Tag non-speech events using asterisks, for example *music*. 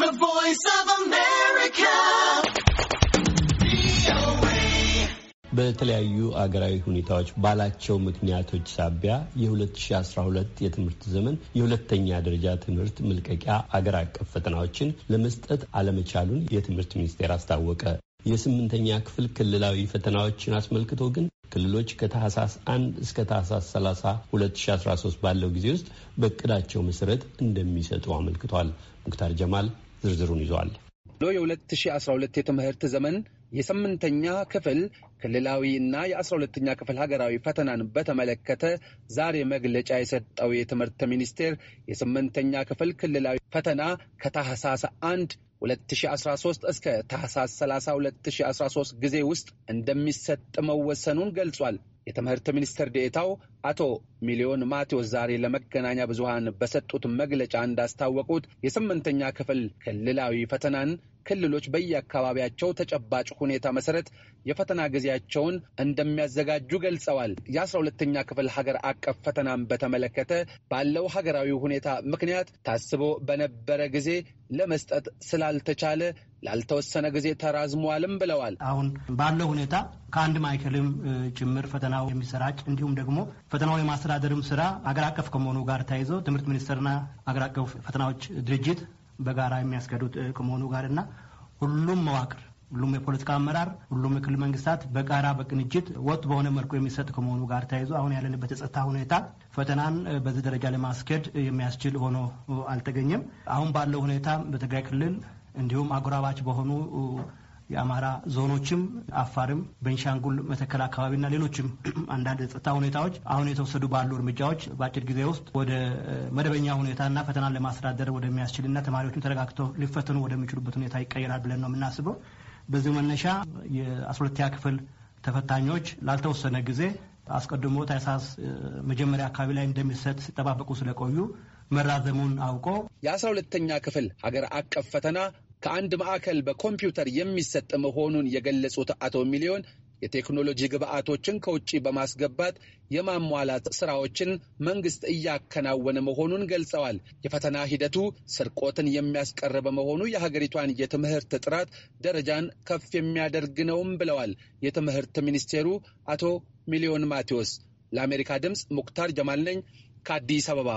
The Voice of America. በተለያዩ አገራዊ ሁኔታዎች ባላቸው ምክንያቶች ሳቢያ የ2012 የትምህርት ዘመን የሁለተኛ ደረጃ ትምህርት መልቀቂያ አገር አቀፍ ፈተናዎችን ለመስጠት አለመቻሉን የትምህርት ሚኒስቴር አስታወቀ። የስምንተኛ ክፍል ክልላዊ ፈተናዎችን አስመልክቶ ግን ክልሎች ከታህሳስ 1 እስከ ታህሳስ 30 2013 ባለው ጊዜ ውስጥ በእቅዳቸው መሰረት እንደሚሰጡ አመልክቷል። ሙክታር ጀማል ዝርዝሩን ይዟል። የ2012 የትምህርት ዘመን የስምንተኛ ክፍል ክልላዊ እና የ12ኛ ክፍል ሀገራዊ ፈተናን በተመለከተ ዛሬ መግለጫ የሰጠው የትምህርት ሚኒስቴር የስምንተኛ ክፍል ክልላዊ ፈተና ከታህሳስ አንድ 2013 እስከ ታህሳስ 30 2013 ጊዜ ውስጥ እንደሚሰጥ መወሰኑን ገልጿል። የትምህርት ሚኒስትር ዴኤታው አቶ ሚሊዮን ማቴዎስ ዛሬ ለመገናኛ ብዙሃን በሰጡት መግለጫ እንዳስታወቁት የስምንተኛ ክፍል ክልላዊ ፈተናን ክልሎች በየአካባቢያቸው ተጨባጭ ሁኔታ መሰረት የፈተና ጊዜያቸውን እንደሚያዘጋጁ ገልጸዋል። የአስራ ሁለተኛ ክፍል ሀገር አቀፍ ፈተናን በተመለከተ ባለው ሀገራዊ ሁኔታ ምክንያት ታስቦ በነበረ ጊዜ ለመስጠት ስላ ካልተቻለ ላልተወሰነ ጊዜ ተራዝሟልም ብለዋል። አሁን ባለው ሁኔታ ከአንድ ማዕከልም ጭምር ፈተናው የሚሰራጭ እንዲሁም ደግሞ ፈተናው የማስተዳደርም ስራ አገር አቀፍ ከመሆኑ ጋር ተያይዞ ትምህርት ሚኒስቴርና አገር አቀፍ ፈተናዎች ድርጅት በጋራ የሚያስገዱት ከመሆኑ ጋር እና ሁሉም መዋቅር ሁሉም የፖለቲካ አመራር፣ ሁሉም የክልል መንግስታት በጋራ በቅንጅት ወጥ በሆነ መልኩ የሚሰጥ ከመሆኑ ጋር ተያይዞ አሁን ያለንበት የጸጥታ ሁኔታ ፈተናን በዚህ ደረጃ ለማስኬድ የሚያስችል ሆኖ አልተገኘም። አሁን ባለው ሁኔታ በትግራይ ክልል እንዲሁም አጎራባች በሆኑ የአማራ ዞኖችም አፋርም፣ በንሻንጉል መተከል አካባቢና ሌሎችም *clears throat* አንዳንድ የጸጥታ ሁኔታዎች አሁን የተወሰዱ ባሉ እርምጃዎች በአጭር ጊዜ ውስጥ ወደ መደበኛ ሁኔታና ፈተናን ለማስተዳደር ወደሚያስችልና ተማሪዎችም ተረጋግተው ሊፈተኑ ወደሚችሉበት ሁኔታ ይቀየራል ብለን ነው የምናስበው። በዚህ መነሻ የ ክፍል ተፈታኞች ላልተወሰነ ጊዜ አስቀድሞ ታህሳስ መጀመሪያ አካባቢ ላይ እንደሚሰጥ ሲጠባበቁ ስለቆዩ መራዘሙን አውቆ የአስራ ሁለተኛ ክፍል ሀገር አቀፍ ፈተና ከአንድ ማዕከል በኮምፒውተር የሚሰጥ መሆኑን የገለጹት አቶ ሚሊዮን የቴክኖሎጂ ግብዓቶችን ከውጭ በማስገባት የማሟላት ስራዎችን መንግስት እያከናወነ መሆኑን ገልጸዋል። የፈተና ሂደቱ ስርቆትን የሚያስቀር በመሆኑ የሀገሪቷን የትምህርት ጥራት ደረጃን ከፍ የሚያደርግ ነውም ብለዋል። የትምህርት ሚኒስቴሩ አቶ ሚሊዮን ማቴዎስ። ለአሜሪካ ድምፅ ሙክታር ጀማል ነኝ ከአዲስ አበባ።